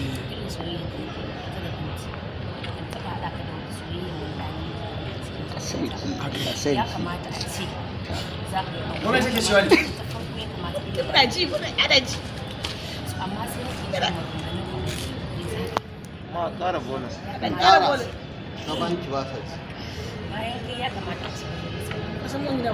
irin ka ma ƙara bonus ƙara bonus ka ban ki ba bayan kai ya kamata sai kuma ne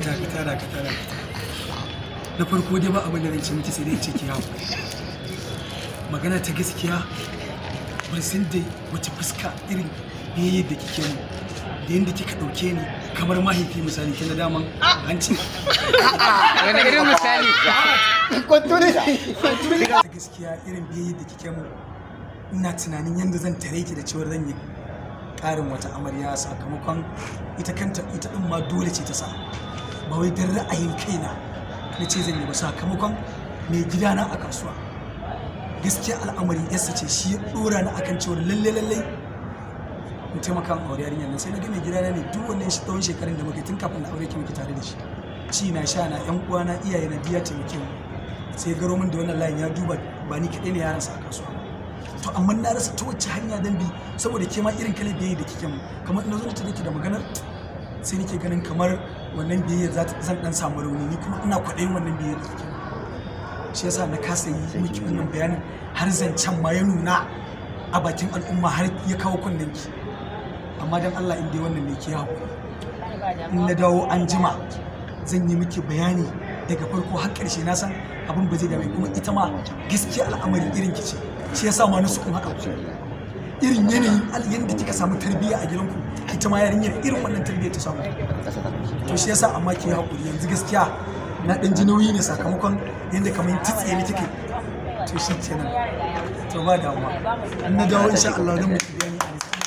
dakata ka dakata na farko dai ba abin da zan ce miki sai dai ce ki magana ta gaskiya san da wace fuska irin yayi da kike mu da yadda kika ɗauke ni kamar mahaifi misali ke na daman hanci wani irin misali kwantuni kwantuni gaskiya irin yayi da kike mu ina tunanin yadda zan tare ki da cewar zan yi ƙarin wata amarya sakamakon ita kanta ita ɗin ma dole ce ta sa ba wai dan ra'ayin kaina na ce zan yi ba sakamakon mai gidana a kasuwa gaskiya al'amari yasa ce shi ya dora na akan cewa lalle lalle in taimaka ma aure yarinyar nan sai na ga mai gidana ne duk wannan tsawon shekarun da muke tun kafin na aure ki muke tare da shi ci na sha na yan uwa na iyaye na biya taimake mu sai garo min da wannan layin ya duba ba ni kaɗai ne sa a kasuwa to amma na rasa ta wacce hanya dan bi saboda ke ma irin kala biyayya da kike mu kamar ina zo ta da maganar sai nake ganin kamar wannan biyayya za ta zan dan samu rauni ni kuma ina kwaɗayin wannan biyayya da kike shi yasa na kasa yi miki wannan bayanin har zancen ma ya nuna a bakin al'umma har ya kawo kunnen ki amma dan Allah in dai wannan ne ke haƙuri in na dawo an jima zan yi miki bayani daga farko har ƙarshe na san abin ba zai dame kuma ita ma gaskiya al'amari irin ki ce shi yasa ma na sukun haka irin yanayin aliyan da kika samu tarbiyya a gidanku ita ma yarinyar irin wannan tarbiyyar ta samu to shi yasa amma ki hakuri yanzu gaskiya na dan ji nauyi ne sakamakon yadda kamar titsiye ne kike to shi kenan to ba damuwa in na dawo insha Allah don mu ki gani a